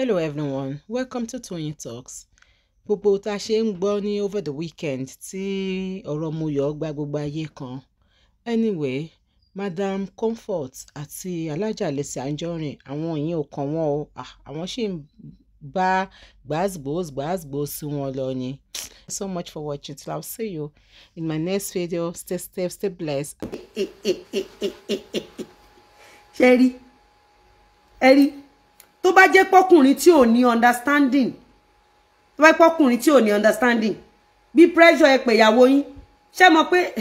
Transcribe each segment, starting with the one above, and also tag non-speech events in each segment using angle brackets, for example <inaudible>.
Hello everyone, welcome to Toyeen Talks. Gbogbo tá a ṣe ń gbọ́ ní over the weekend tí ọ̀rọ̀ Muyọ̀ gba gbogbo ayé kan. Anyway, Madam Comfort àti Alájà Lẹ́sẹ̀ Anjọ́rin àwọn ìyẹn ò kàn wọ́n o, àwọn ṣì ń bá gbàásgbòós gbàásgbòós sí wọn lọ ni. so much for watching till I'll see you in my next video. Stay safe, stay blessed. Ṣé rí? Ẹ rí? tó bá jẹ́ pọ́kùnrin tí ò ní understanding tó bá jẹ́ pọ́kùnrin tí ò ní understanding bí pressure ẹ pè ìyàwó yín ṣé mọ̀ pé <laughs>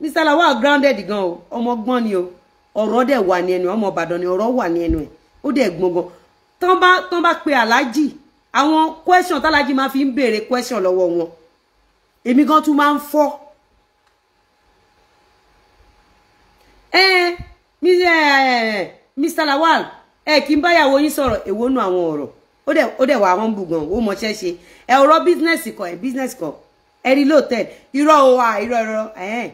Mr. Lawal grounded gan o ọmọ gbọ́n ni o ọ̀rọ̀ dẹ̀ wà ní ẹnu ọmọ Ìbàdàn ni ọ̀rọ̀ wà ní ẹnu ẹ̀ ó dẹ̀ gbọ́n tán bá tán bá pe aláàjì àwọn question tálájì máa fi ń béèrè question lọ́wọ́ wọn èmi gan tún máa ń fọ́ ẹ eh, eh, Mr. Lawal ẹ kì í báyàwó yín sọ̀rọ̀ èwo o àwọn ọ̀rọ̀ ó dẹ̀ wà wọ́n bù gan ó ṣe bísínẹ́sì kan ẹ̀ bísínẹ́sì kan rí o wa irọ́ irọ́ ẹ̀hẹ́n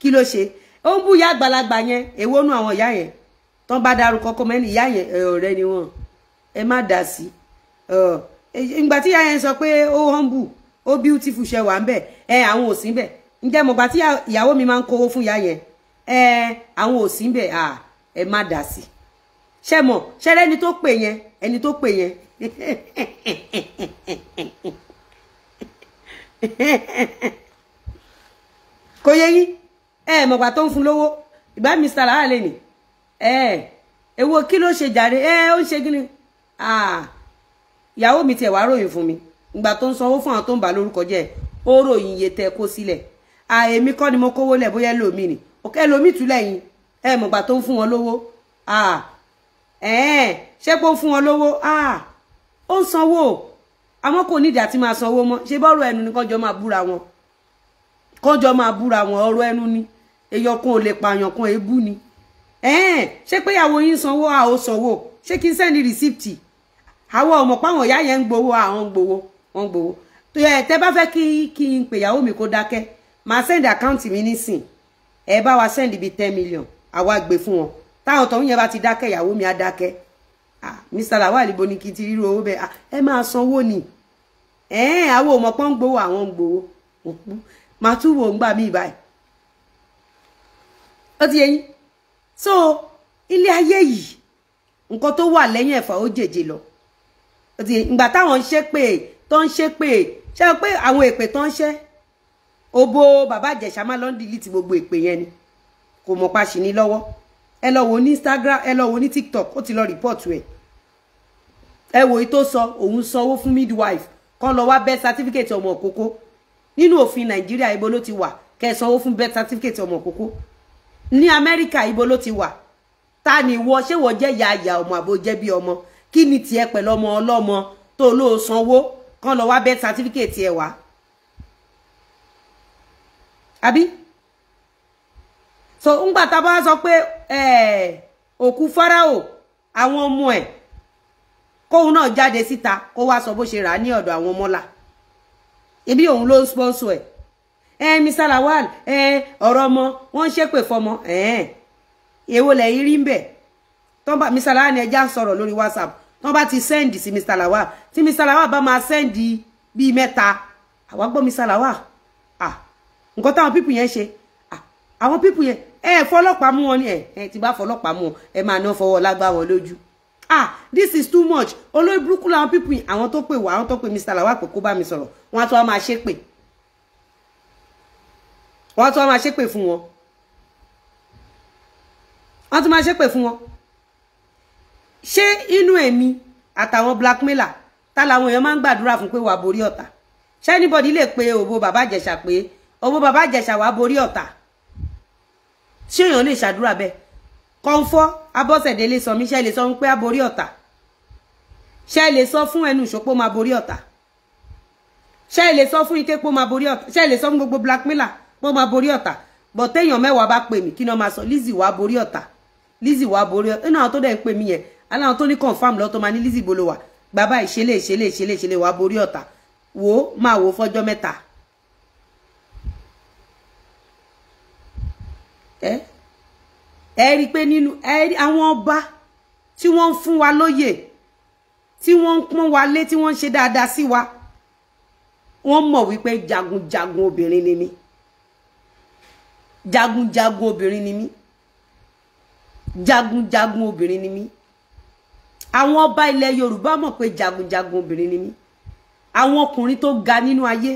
kí ló ṣe ó ń bú ìyá àgbàlagbà yẹn èwo àwọn ìyá yẹn tán bá darúkọ mẹ́ni sọ pé ó ó wà ẹ àwọn mi máa ń kówó fún ìyá yẹn ẹ àwọn ṣe mọ̀ ṣe ẹni tó pè yẹn ẹni tó pè yẹn kò yẹ yín ẹ mọ̀gbà tó ń fún lówó ìgbà mr làwọn àlè nì ẹ ewo kí ló ṣe jàre ẹ ó ń ṣe gíní ìyàwó mi tiẹ̀ wá ròyìn fún mi ìgbà tó ń sanwó fún àwọn tó ń bà lórúkọ jẹ́ ó ròyìn iye tẹ kó sílẹ̀ àèmi kọ́ ni mo kówó lẹ̀ bóyá ẹlòmíì ni ẹlòmíì túlẹ̀ yín ẹ mọ̀gbà tó ń fún wọn lówó ṣé pé ó fún wọn lówó ah, ó ń sanwó àwọn kò nídìí àti máa sanwó mọ́ ṣé bọ́rọ̀ ẹnu ni kọ́jọ́ máa búra wọn kọ́jọ́ máa búra wọn ọ̀rọ̀ ẹnu ni èèyàn kan ò lè pààyàn kan èébú ni ṣé pé ìyàwó yín sanwó a ah, ò sanwó ṣé kí n sẹ́ni rìsíptì àwọn ọmọ páwọn ìyá yẹn ń gbowó àwọn ah, ń gbowó wọn ń gbowó tó yẹ tẹ bá fẹ́ kí kí n pè ìyàwó mi kó dákẹ́ máa send àkáǹtì mi nísìn ẹ bá wa send bíi ten million àwa gbé fún wọn táwọn tọ̀hún yẹn bá ti dákẹ́ ìyàwó mi á dákẹ́ Mr. Lawal boniki ti ríro owó bẹ́ẹ̀ ẹ máa sanwó ni àwọn ọmọ pọ́n gbowó àwọn gbowó òpú màá tún wò ń gbà mí báyìí ó so ilé ayé yìí nǹkan tó wà lẹ́yìn ẹ̀fà ó lọ ó ti ìgbà táwọn ṣe pé tó ń ṣe pé ṣe pé àwọn èpè tó ń ṣe obo bàbá gbogbo èpè yẹn ni kò pa sí ẹ lọ wò ní Instagram ẹ lọ wò ní TikTok ó ti lọ rìpọ́ọ̀tù ẹ̀ ẹ wò yìí tó sọ òun sanwó fún midwife kán lọ wá birth certificate ọmọ òkókó nínú òfin Nàìjíríà ibo ló ti wà kẹ́ ẹ sanwó fún birth certificate ọmọ òkókó ní Amẹ́ríkà ibo ló ti wà ta ni wọ ṣé wọ jẹ́ ìyá ìyá ọmọ àbò jẹ́ bí ọmọ kí ni tiẹ̀ pẹ̀lú ọmọ ọlọ́mọ tó ló sanwó kán lọ wá birth certificate ẹ wá àbí so ńgbà tá a bá sọ pé eh, òkú Fáráò àwọn ọmọ ẹ̀ kóun náà jáde síta kó wá sọ bó ṣe rà á ní ọ̀dọ̀ àwọn ọmọlà ibi òun ló ń sponsor ẹ̀ ẹ eh, Mr. Lawal ẹ eh, ọ̀rọ̀ ọmọ wọ́n ń ṣépè fọmọ èwo lẹ́yìn rí ń bẹ̀ tọ́n bá Mr. Lawal ni ẹja soro lori WhatsApp tọ́n bá ti sẹ́ndì sí Mr. Lawal tí Mr. Lawal bá máa sẹ́ndì bíi mẹ́ta àwa gbọ́ Mr. Lawal nǹkan táwọn pípù yẹn ṣe àwọn pípù yẹn ẹ fọlọ́pàá mú wọn ni ẹ ẹ ti bá fọlọ́pàá mú wọn ẹ máa ná fọwọ́ lágbá wọn lójú ah this is too much olórí burúkú làwọn pípù yìí àwọn tó pè wá àwọn tó pè Mr. Lawal pé kó bá mi sọ̀rọ̀ wọn to tún wá máa ṣépè wọn á tún wá máa ṣépè fún to wọn á tún máa ṣépè fún wọn ṣé inú ẹ̀mí àtàwọn blackmailer tá làwọn èèyàn máa ń gbàdúrà fún pé wàá borí ọ̀tá ṣé anybody lè pe òbó bàbá àjẹsà pé òbó bàbá àjẹsà wàá borí ọ̀tá ṣé èèyàn lè ṣàdúrà bẹ́ẹ̀ kọ́ńfọ́ abọ́sẹ̀dé lè sọ mí ṣe lè sọ pé a borí ọ̀tá ṣe lè sọ fún ẹnu ma máa borí ọ̀tá ṣe lè sọ fún ike pé máa borí ọ̀tá ṣe lè sọ fún gbogbo blackmailer pé máa borí ọ̀tá bọ̀ téèyàn mẹ́wàá bá pè mí kí náà máa sọ Lizzy wàá borí ọ̀tá Lizzy wàá borí ọ̀tá iná àwọn tó dẹ̀ ń pè mí yẹn aláwọn tó ní confam lọ́tọ́ máa ní Lizzy bolo wà bàbá ìṣẹ̀lẹ̀ ìṣẹ̀lẹ̀ ìṣẹ̀lẹ̀ ìṣẹ̀lẹ̀ wàá borí ọ̀tá wò ó máa wò ó ẹ ẹ rí i pé nínú ẹ rí àwọn ọba tí wọ́n ń fún wa lóyè tí wọ́n ń pọ́n wa lé tí wọ́n ń ṣe dáadáa sí wa wọ́n mọ̀ wípé jagunjagun obìnrin ni mí jagunjagun obìnrin ni mí jagunjagun obìnrin ni mí àwọn ọba ilẹ̀ Yorùbá mọ̀ pé jagunjagun obìnrin ni mí àwọn ọkùnrin tó ga nínú ayé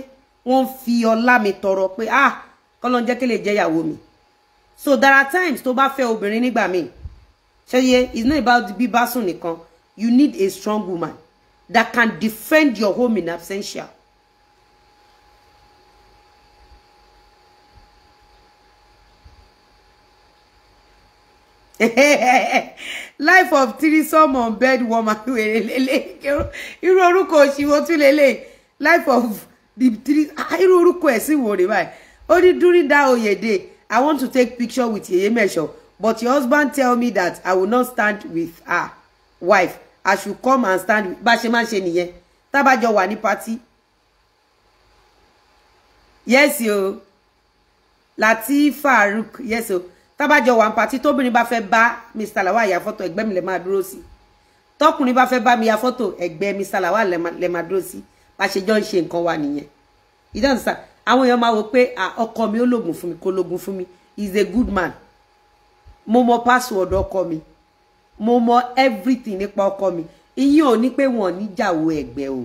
wọ́n ń fi ọlá mi tọrọ pé ah kọ́lọ́n jẹ́ kí lè jẹ́ ìyàwó mi so there are times tó bá fẹ́ obìnrin nígbà míì ṣeye it's not about bíbá sùn nìkan you need a strong woman that can defend your home in absentia. <laughs> life of threesome on bed woman <laughs> irú orúkọ òṣìwò tún lele. life of the three ah, irú orúkọ ẹ̀ sì wò rè báyìí ó during that oyè day I want to take picture with Yeye Mesho, but your husband tell me that I will not stand with her wife. I should come and stand with bá ṣe máa ṣe nìyẹn. Tá bá jọ party. Yes yo. Lati Farouk, yes yo. Tá bá jọ wà ní party tóbìnrin bá fẹ́ ba Mr. Lawal ya photo ẹgbẹ́ mi le madrosi. dúró sí. Tọ́kùnrin bá fẹ́ mi ya photo ẹgbẹ́ Mr. Lawal le máa dúró sí. Bá ṣe jọ ń wa nìyẹn. You don't understand? àwọn èèyàn máa wò pé ọkọ mi ó lògùn fún mi kó lògùn fún mi is a good man mo mọ password ọkọ mi mo mọ everything nípa ọkọ mi ìyẹn ò ní pé wọn ní jàwó ẹ̀gbẹ́ o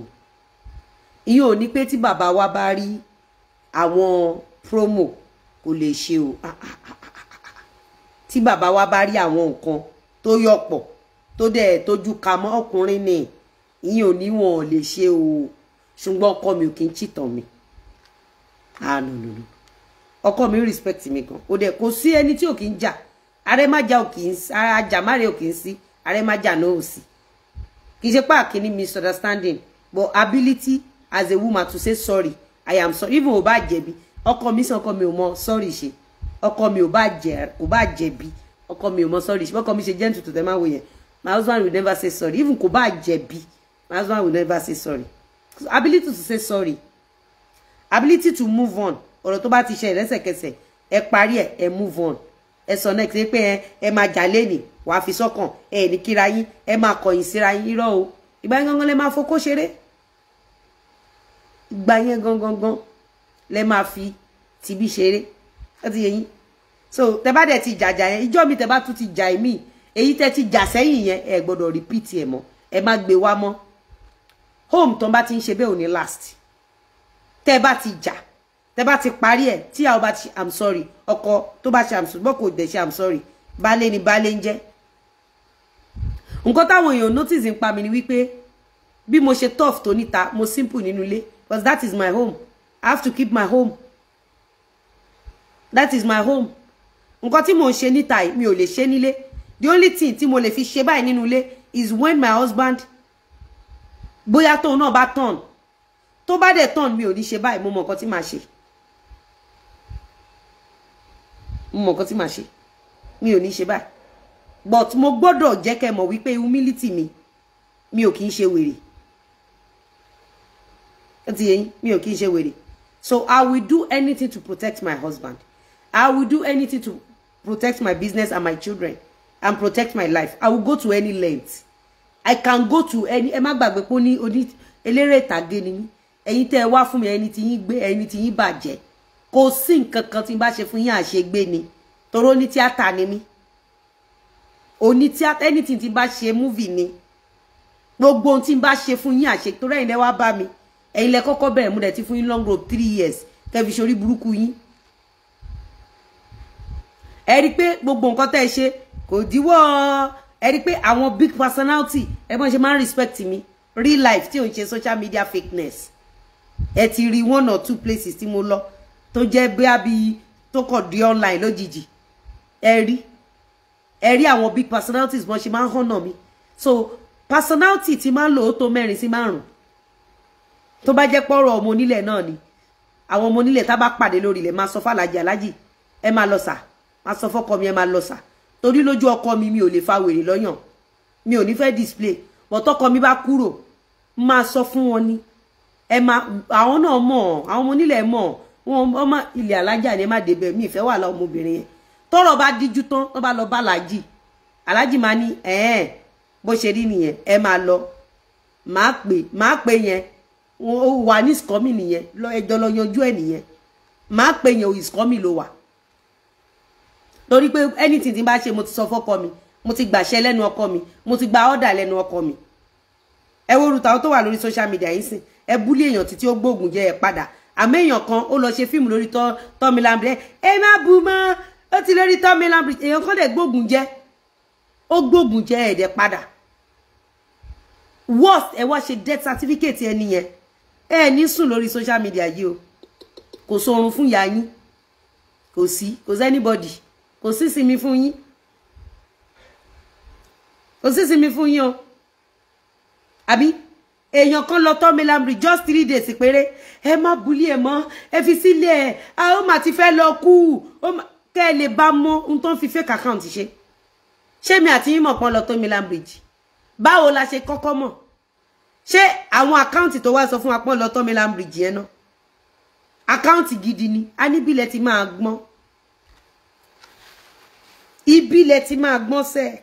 ìyẹn ò ní pé tí bàbá wa bá rí àwọn promo kò lè ṣe o ah, ah, ah, tí bàbá wa bá rí àwọn nǹkan tó yọpọ̀ tó dẹ̀ tójú ka mọ́ ọkùnrin ni ìyẹn ò ní wọn ò lè ṣe o ṣùgbọ́n ọkọ mi ò kí ń chìtàn mi ah no no no ọkọ mi respect mi gan ó dẹ kò sí ẹni tí ò kì í jà ààrẹ má jà ò kì í ajá máre ò kì í sí ààrẹ má jà náà ò sí kì misunderstanding but ability as a woman to say sorry i am sorry even ò bá jẹ̀bi ọkọ mi sọ ọkọ mi ò mọ sorry ṣe ọkọ mi ò bá jẹ kò bá jẹ̀bi ọkọ mi ò mọ sorry ṣe ọkọ mi ṣe gentle to them awo yẹn my husband will never say sorry even kò bá jẹ̀bi my husband will never say sorry ability to say sorry ability to move on ọ̀rọ̀ tó bá ti ṣe lẹ́sẹ̀kẹsẹ̀ ẹ parí ẹ̀ ẹ move on ẹ sọ náà pé ẹ ẹ máa jà lẹ́nì wàá fi sọ́kàn ẹ ní kíra yín ẹ máa kọ̀yìn síra yín irọ́ o ìgbà yẹn gangan lẹ máa fokó ṣeré ìgbà yẹn gangan lẹ máa fi tìbí ṣeré ẹ ti yẹ yín so tẹ bá dẹ̀ ti jàjà yẹn ìjọ́ mi tẹ bá tún ti jà èmi èyí tẹ ti jà sẹ́yìn yẹn ẹ gbọ́dọ̀ repeat ẹ̀ mọ́ ẹ má gbé wá mọ́ home tó bá ti ń ṣe bẹ́ẹ̀ ò ní last tẹ́ bá ti jà tẹ́ bá ti parí ẹ̀ tí àwọn bá ti i'm sorry ọkọ tó bá ṣe i'm sorry bọ́kò dẹ̀ ṣe i'm sorry baálé ni baálé ń jẹ́ nǹkan táwọn èèyàn notice ń pa mi ni wípé bí mo ṣe tough tó níta mo simple nínú ilé because that is my home i have to keep my home that is my home nǹkan tí mo ń ṣe níta mi ò lè ṣe nílé the only thing tí mo lè fi ṣe báyìí nínú ilé is when my husband bóyá tóun náà bá turn tó bá dẹ̀ tán mi ò ní ṣe báyìí mo mọ nǹkan tí màá ṣe mo mọ nǹkan tí màá ṣe mi ò ní ṣe báyìí but mo gbọ́dọ̀ jẹ́ kẹ́ mọ̀ wípé humility mi mi ò kì í ṣe wèrè ti yẹn mi ò kì í ṣe wèrè so I will do anything to protect my husband I will do anything to protect my business and my children and protect my life I will go to any length I can go to any ẹ má gbàgbé pé ó ní eléré ìtàgé ni mí ẹ̀yin tẹ́ ẹ wá fún mi ẹni tí yín gbé ẹni tí yín bàjẹ́ kò sí nǹkan kan tí n bá ṣe fún yín àṣegbé ni toró ní tíátà ni mí òní tíátà anything tí n bá ṣe múvì ni gbogbo ohun tí n bá ṣe fún yín àṣe torí ẹ̀yin lẹ wá bá mi ẹ̀yin lẹ kọ́kọ́ bẹ̀rẹ̀ mú dẹ̀ ti fún yín long road three years tẹ́ fi ṣorí burúkú yín ẹ rí i pé gbogbo nǹkan tẹ́ ẹ ṣe kò díwọ́ ẹ rí i pé àwọn big personality ẹ bọ́n ṣe máa ń respect mi real life tí ò ń ṣe social media fakeness ẹ ti rí one or two places tí mo lọ tó jẹ́ bóyá bíi tó kàn di online lójijì ẹ rí ẹ rí àwọn big personalities wọn ṣe máa ń hànà mi so personality ti máa ń lò ó tó mẹ́rin sí márùn-ún tó bá jẹ́ pọ́rọ̀ ọmọ onílẹ̀ náà ni àwọn ọmọ onílẹ̀ tá bá pàdé lórí ilẹ̀ máa sọ fàlàjì alájì ẹ máa lọ sà máa sọ fọ́kọ mi ẹ máa lọ sà torí lójú ọkọ mi mi ò lè fa wèrè lọ́yàn mi ò ní fẹ́ display bọ̀tọ́kọ mi bá kúrò máa sọ fún wọn ni ẹ máa àwọn náà mọ̀ àwọn ọmọ onílẹ̀ mọ̀ wọn ọmọ ilẹ̀ alájà ni ẹ de débẹ̀ mi ìfẹ́ wà láwọn ọmọbìnrin yẹn tọ́rọ̀ bá díjú tán tó bá lọ bá alájì alájì máa ní ẹ̀ẹ́n bó ṣe rí nìyẹn ẹ máa lọ máa pè máa pè yẹn ó wà ní ìsìkọ́mì nìyẹn ẹjọ́ lọ yanjú ẹ̀ nìyẹn máa pè yẹn ò ìsìkọ́mì ló wà torí anything tí n bá ṣe mo ti sọ fọ́kọ mi mo ti gbàṣẹ lẹ́nu ọkọ mi mo ti gba ọ́dà lẹ́nu ọkọ mi ẹ wo ruta tó wà lórí social media yìí sìn ẹ búlé èèyàn títí ó gbóògùn jẹ ẹ padà àmọ́ èèyàn kan ó lọ ṣe fíìmù lórí Tommy Lambert ẹ má bu mọ́ ó ti lórí Tommy Lambert èèyàn kan lè gbóògùn jẹ ó gbóògùn jẹ ẹ̀dẹ̀ padà worst ẹ wá ṣe death certificate ẹni yẹn ẹ ní sùn lórí social media yìí o kò sórun fún ìyá yín kò sí kò sí anybody kò sí sinmi fún yín kò sí sinmi fún yín o àbí èèyàn kan lọ tọ́ mi lamri just three days péré ẹ má bulí ẹ mọ́ ẹ fi sílẹ̀ ẹ a ó mà ti fẹ́ lọ kú kẹ́ ẹ lè bá mọ ohun tó ń fi fake account ṣe ṣé mi àti yín mọ̀ pọ́n lọ tó mi lambridge báwo la ṣe kọ́kọ́ mọ̀ ṣé àwọn àkáǹtì tó wá sọ fún wa pọ́n lọ tó mi lambridge yẹn náà àkáǹtì gidi ni a níbílẹ̀ ti máa gbọ́n ibílẹ̀ ti máa gbọ́n sẹ́ẹ̀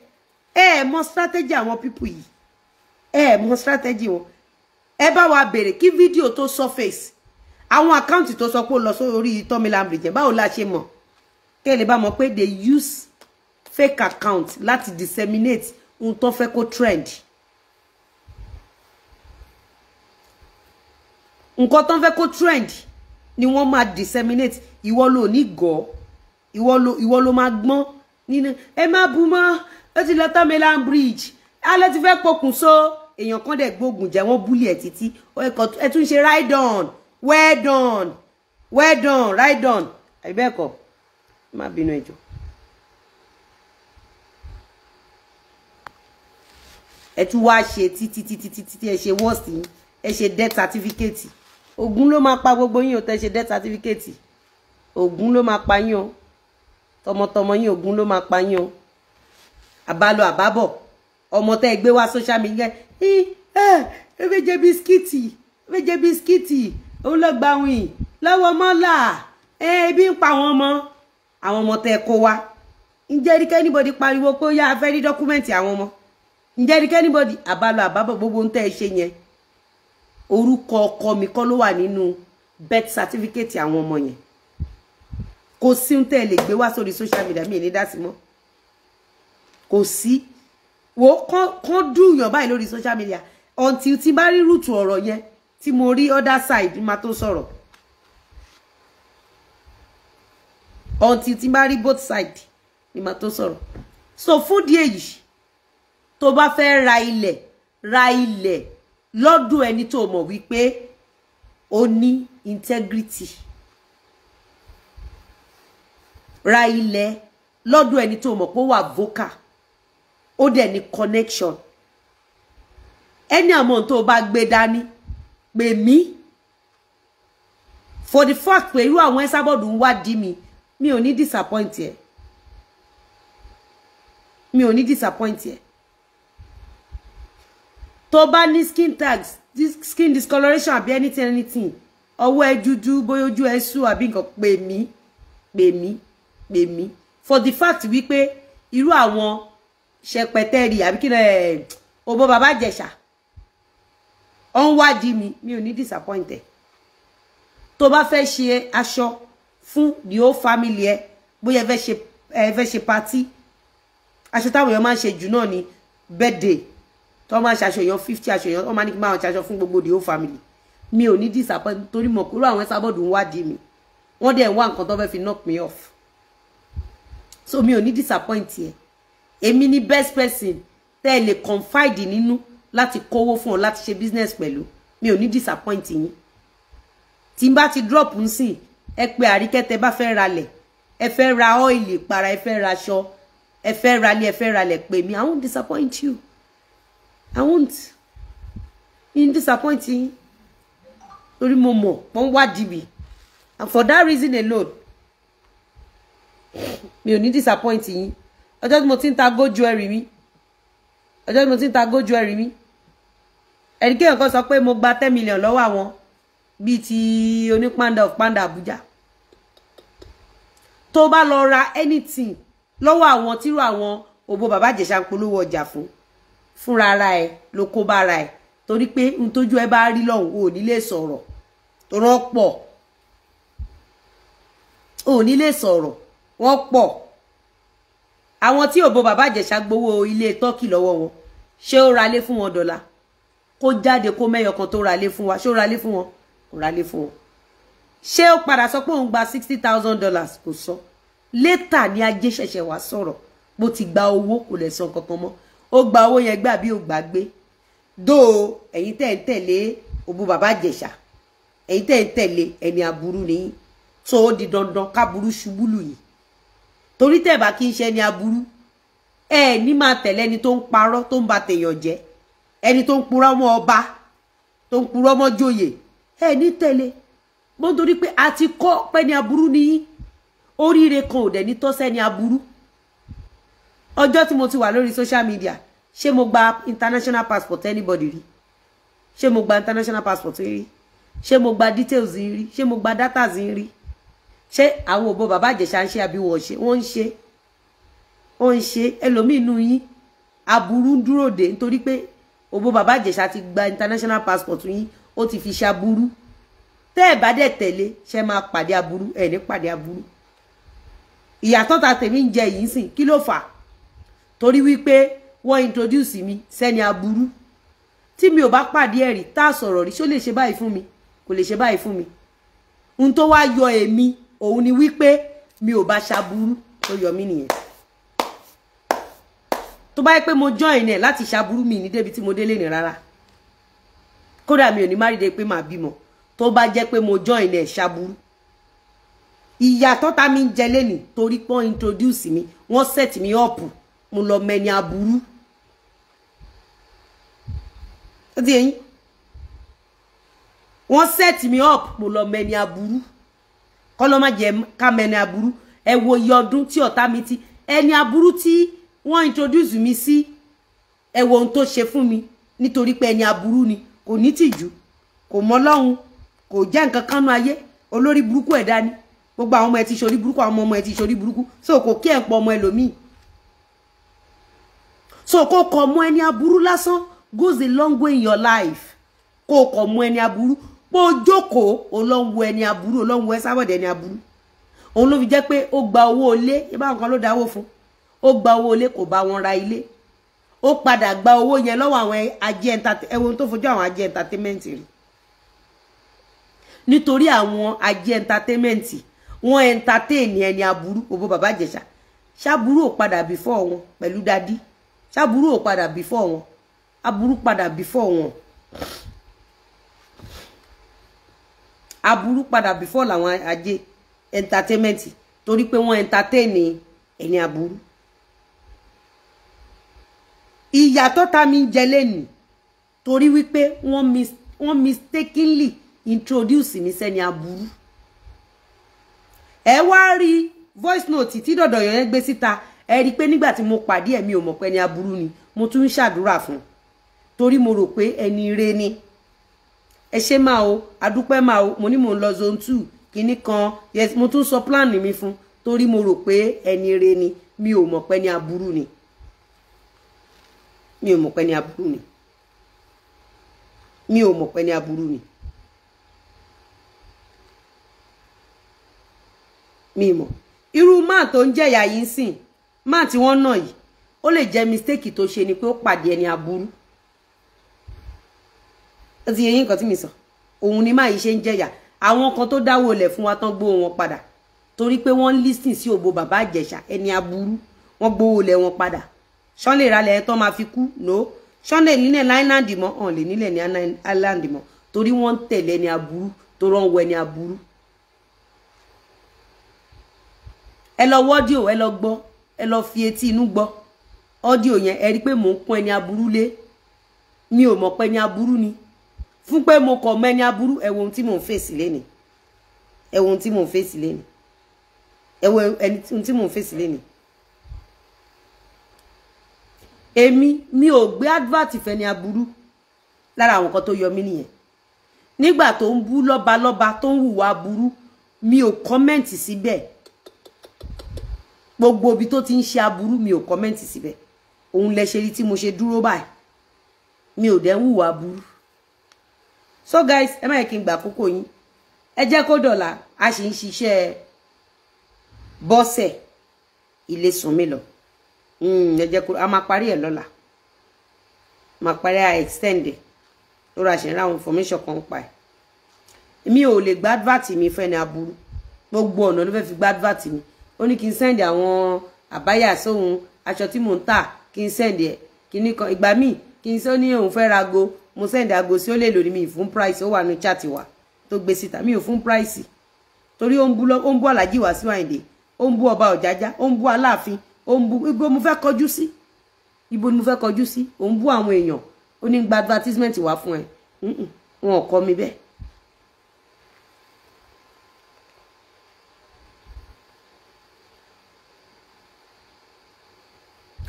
ẹ mọ strategy àwọn pípù yìí ẹ mọ strategy wọn ẹ bá wa bèrè kí fídíò tó surface àwọn àkáǹtì tó sọ pé ó lọ sórí tọ́mìlà bridge báwo la ṣe mọ̀ kẹ́ lè bá mọ̀ pé they use fake account láti disseminate ohun tó fẹ́ kó trend. nǹkan tó ń kó trend ni wọ́n máa disseminate ìwọ ló ní gọ́ ìwọ ló ìwọ ló máa gbọ́n nínú ẹ má bú mọ́ ó ti lọ tọ́mìlà bridge alẹ́ ti fẹ́ pokùn so èèyàn kan dẹ̀ gbógun jẹ́ wọ́n búlì ẹ̀ títí ẹ tún ṣe ride on well done well done ride on àbí bẹ́ẹ̀ kọ́ má bínú ìjọ. ẹ tún wá ṣe títí títí títí ẹ ṣe wọ́ọ̀sì yín ẹ ṣe death certificate ogun ló máa pa gbogbo yín o tẹ ṣe death certificate ogun ló máa pa yín o tọmọtọmọ yín ogun ló máa pa yín o àbálọ àbábọ̀ ọmọ tẹ́ ẹ gbé wá social media ẹ fẹ́ eh, jẹ bisikíìtì fẹ́ jẹ bisikíìtì òun lọ gba wìn lọ́wọ́ mọ́là eh, ebi ń pa àwọn ọmọ àwọn ọmọ tẹ́ ẹ kó wá ǹjẹ́ rí kẹ́nìbọ̀dì pariwo pé ó yá afẹ́ rí dọ́kúmẹ̀ntì àwọn ọmọ ǹjẹ́ rí kẹ́nìbọ̀dì àbálọ àbábọ̀ gbogbo ń tẹ́ ẹ ṣe yẹn orúkọ ọkọ mi kọ́ ló wà nínú birth certificate àwọn ọmọ yẹn kò sí ń tẹ́ ẹ lè gbé wá sórí social media mi ní dá sí kò sí wo kàn dùyàn báyìí lórí social media until tí bá rí rúùtù ọ̀rọ̀ yẹn tí mo rí other side máa tó sọ̀rọ̀ until tí bá rí both side ni máa tó sọ̀rọ̀ so fún díẹ̀ yìí tó bá fẹ́ ra ilẹ̀ ra ilẹ̀ lọ́dún ẹni tó mọ̀ wípé ó ní integrity ra ilẹ̀ lọ́dún ẹni tó mọ̀ pé wa wà vocal ó dẹ̀ ní connection any amount tó o bá gbé dání pè mí for the fact pé irú àwọn Esabod ń wádìí mi mi ò ní disappoint ẹ mi ò ní disappoint ẹ tó bá ní skin tags skin discoloration àbí anything anything ọwọ́ ẹ dúdú bóyá ojú ẹ sú àbí nǹkan pè mí pè mí pè mí for the fact wípé irú àwọn ṣẹpẹtẹrì àbí kí lẹ òbó bàbá jẹ̀ṣà ọ ń wádìí mi mi ò ní disappoint ẹ tó bá fẹ́ ṣe aṣọ fún the whole family ẹ bóyá fẹ́ ṣe ẹ fẹ́ ṣe party aṣọ táwọn èèyàn máa ń ṣe jù náà ni birthday tó máa ń ṣe aṣọ èèyàn fifty aṣọ èèyàn tó máa ní kí máa ń ṣe aṣọ fún gbogbo the whole family mi ò ní disappoint torí mọ̀ kúrò àwọn sábọ̀dù ń wádìí mi wọ́n dẹ̀ ń wá nǹkan tó fẹ́ fi knock me off so mi ò ní disappoint yẹn èmi ni best person tẹ́ ẹ lè confide nínú láti kówó fún ọ láti ṣe business pẹ̀lú mi ò ní disappoint yín tí n bá ti drop ń sìn ẹ pé àríkẹ́ tẹ bá fẹ́ ralẹ̀ ẹ fẹ́ ra ọ́ìlì para ẹ fẹ́ raṣọ ẹ fẹ́ ralẹ̀ ẹ fẹ́ ralẹ̀ pè mí I won't disappoint you I won't mi ń disappoint yín torí mo mọ̀ wọ́n wá dìbì and for that reason alone mi ò ní disappoint yín ọjọ́ tí mo ti ń ta gójú ẹrì mi ọjọ́ tí mo ti ń ta gójú ẹrì mi ẹnikẹ́yìn kan sọ pé mo gba ten million lọ́wọ́ àwọn bíi ti onípanda of panda Abuja tó bá lọ ra anything lọ́wọ́ àwọn tírú àwọn òbó bàbá Ìjẹ̀ṣà ń polówó ọjà fún fúnra ara ẹ̀ ló kó bára ẹ̀ torí pé n tójú ẹ bá rí lọ́hùn ò ní lè sọ̀rọ̀ rọ́pọ̀ ò ní lè sọ̀rọ̀ wọ́n pọ̀ àwọn tí òbó bàbá ìjẹ̀ṣà gbowó ilé tọ́kì lọ́wọ́ wọn ṣé ó ralé fún wọn dọ́là kó jáde kó mẹ́yọ̀ kan tó ralé fún wa ṣé ó ralé fún wọn kò ralé fún wọn ṣé ó padà sọ pé òun gba sixty thousand dollars kò sọ létà ni ajé ṣẹ̀ṣẹ̀ wá sọ̀rọ̀ bó ti gba owó kò lè san kankan mọ́ ó gba owó yẹn gbà bí ó gbà gbé dóò ẹ̀yin tẹ̀ ń tẹ̀lé òbó bàbá ìjẹ̀ṣà ẹ̀yin tẹ̀ ń tẹ̀lé ẹni aburú nìyí tó di dandan káburú ṣubú lù yìí torí tẹ̀bá kí n ṣe ẹni aburú ẹ ní máa tẹ̀lé ẹni tó ń parọ́ tó ń ba tèèyàn jẹ́ ẹni tó ń purọ́ mọ́ ọba tó ń purọ́ mọ́ joyè ẹ ní tẹ̀lé mọ́ torí pé a ti kọ́ pẹ́ni aburú nìyí oríire kan ò dẹ̀ ní tọ́sẹ́ni aburú ọjọ́ tí mo ti wà lórí social media ṣé mo gba international passport anybody rí ṣé mo gba international passport rí ṣé mo gba details rí ṣé mo gba data rí ṣé àwọn òbò bàbá àjẹsà ń ṣe àbí wọ́n ṣe wọ́n ń ṣe wọ́n ń ṣe ẹlòmíínú yín aburú dúró dé nítorí pé òbò bàbá àjẹsà ti gba international passport yín ó ti fi ṣe aburú tẹ́ ẹ̀ bá dẹ̀ tẹ̀lé ṣe máa pàdé aburú ẹ̀ ní pàdé aburú ìyàtọ̀ ta tèmi ń jẹ yìí sìn kí ló fà torí wípé wọ́n introduce mi sẹ́ni aburú tí mi ò bá pàdé ẹ̀rí tá a sọ̀rọ̀ rí ṣó lè ṣe báyìí fún mi kò lè ṣe báyìí fún mi ohun tó wá yọ èmi òun ni wípé mi ò bá ṣaburú tó yọ mí nìyẹn tó bá yẹ pé mo join ẹ láti ṣaburú mi ní débi tí mo délé ní rárá kódà mi ò ní má rí de pé màá bímọ tó bá jẹ́ pé mo join ẹ ṣaburú ìyàtọ̀ tá mi ń jẹ lẹ́nì torí pọ́n introduce mi wọ́n set mi up mo lọ mẹni aburú ó ti yẹ wọ́n set mi up mo lọ mẹni aburú kọ́lọ́ má jẹ́ ká mẹ́ni aburú ẹ wo iye ọdún tí ọ̀tá mi ti ẹni aburú tí wọ́n introduce mi sí ẹ wo ohun tó ṣe fún mi nítorí pé ẹni aburú ni kò ní tìjú kò mọ Ọlọ́run kò jẹ́ nǹkan kan nú ayé olórí burúkú ẹ̀dá ni gbogbo àwọn ọmọ ẹ ti ṣorí burúkú àwọn ọmọ ẹ ti ṣorí burúkú so kò kí ẹ̀ pọ̀ ọmọ ẹlòmíì so kò kọ̀ mọ ẹni aburú lásán goes a long way in your life kò kọ̀ mọ ẹni aburú pé ó jókòó òun ló ń wo ẹni aburú òun ló ń wo ẹ sábọ̀dẹ̀ ẹni aburú òun ló fi jẹ́ pé ó gba owó ilé ibà nǹkan ló dáwó fún ó gba owó ilé kò bá wọn ra ilé ó padà gba owó yẹn lọ́wọ́ àwọn ajé ẹwọ́n tó fojú àwọn ajé entertainment rí nítorí àwọn ajé entertainment wọn entertain ẹni aburú òbó bàbá Ìjẹ̀ṣà ṣàbúrò padà before wọn pẹ̀lú dadi ṣàbúrò padà before wọn aburú padà before wọn. Aburu padà before làwọn ajé entertainment torí pé wọ́n entertain ẹni aburú ìyàtọ̀ ta mi ń jẹ lẹ́nu torí wípé wọ́n mistakenly introduce mi sẹ́ni aburú ẹ wá rí voice note tí dọ̀dọ̀ yẹn gbé síta ẹ rí i pé nígbà tí mo pàdé ẹ̀ ò mọ̀ pé ẹni aburú ni mo tún ń ṣàdúrà fún torí mo rò pé ẹni ire ni. Re ni ẹ ṣe máa o adúpẹ́ máa o mo ní mò ń lọ zone two kinní kan yes mo tún sọ plan mi fún torí mo rò pé ẹni re ni mi ò mọ̀ pé ní aburú ni mi ò mọ̀ pé ní aburú ni mi ò mọ̀ pé ní aburú ni mi mọ̀ irú máà tó ń jẹ̀yà yìí sìn máà tí wọ́n nà yìí ó lè jẹ́ mistake tó ṣe ni pé ó pàdé ẹni aburú ó ti yẹ yín nǹkan tí mi sọ òun ni máa yìí ṣe ń jẹyà àwọn kan tó dáwọ́ lẹ̀ fún wa tán gbowó wọn padà torí pé wọ́n ń lísìn sí òbò bàbá àjẹsà ẹni aburú wọ́n gbowó lẹ̀ wọn padà ṣán lè ralẹ̀ ẹ̀ tán máa fi kú no ṣán lè nílẹ̀ láìláńdì mọ́ ọ̀n lè nílẹ̀ ní áìláńdì mọ́ torí wọ́n ń tẹ̀lé ẹni aburú tó rán wọ ẹni aburú. ẹ lọ wọ́díò ẹ lọ gbọ́ ẹ lọ fi etí inú gbọ́ ọ́díò yẹn ẹ rí i pé mò ń pọ́n ẹni aburú lé mi ò mọ̀ pé ẹni aburú ni fún pé mo kọ̀ mẹ́ni aburú ẹ̀wọ̀n tí mò ń fèsì lénìí ẹ̀wọ̀n tí mò ń fèsì lénìí ẹ̀wọ̀n ẹni tí mò ń fèsì lénìí. èmi mi ò gbé advert fẹ́ni aburú lára àwọn kan tó yọ mí nìyẹn nígbà tó ń bú lọ́balọ́ba tó ń hùwà aburú mi ò kọ́mẹ́ǹtì síbẹ̀ gbogbo ibi tó ti ń ṣe aburú mi ò kọ́mẹ́ǹtì síbẹ̀ òun lẹ ṣe rí tí mo ṣe dúró báyìí mi ò dẹ́ hùwà aburú so guys ẹ má yẹ kí n gbà àkókò yín ẹ jẹ́ kó dọ̀la a sì ń ṣiṣẹ́ bọ́sẹ̀ ilé sùnmí lọ hmm, ẹ jẹ́ kó a máa parí ẹ̀ lọ́la máa parí à extend lórí àṣẹ̀ńrà àwọn information kan pa ẹ̀ mi ò lè gba advert mi fẹ́ni aburú gbogbo ọ̀nà ló fẹ́ fi gba advert mi ó ní kí n send àwọn àbáyà sóhun aṣọ tí mò ń tà kí n send ẹ̀ kí ní kan ìgbà míì kí n sọ ní òun fẹ́ ra go mo send aago sí ó lè lò ní mi fún price ó wà nù chat wa tó gbé síta mi ò fún price torí ó ń bú ó ń bú Alhaji Wasiu Ayinde ó ń bú ọba Ọ̀jájá ó ń bú Aláàfin ó ń bú ibo mo fẹ́ kọjú sí ibo o mo fẹ́ kọjú sí ó ń bú àwọn èèyàn ó ní gba advertisement wá fún ẹ wọn ò mi bẹ́ẹ̀.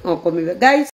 wọn ò kọ́ guys.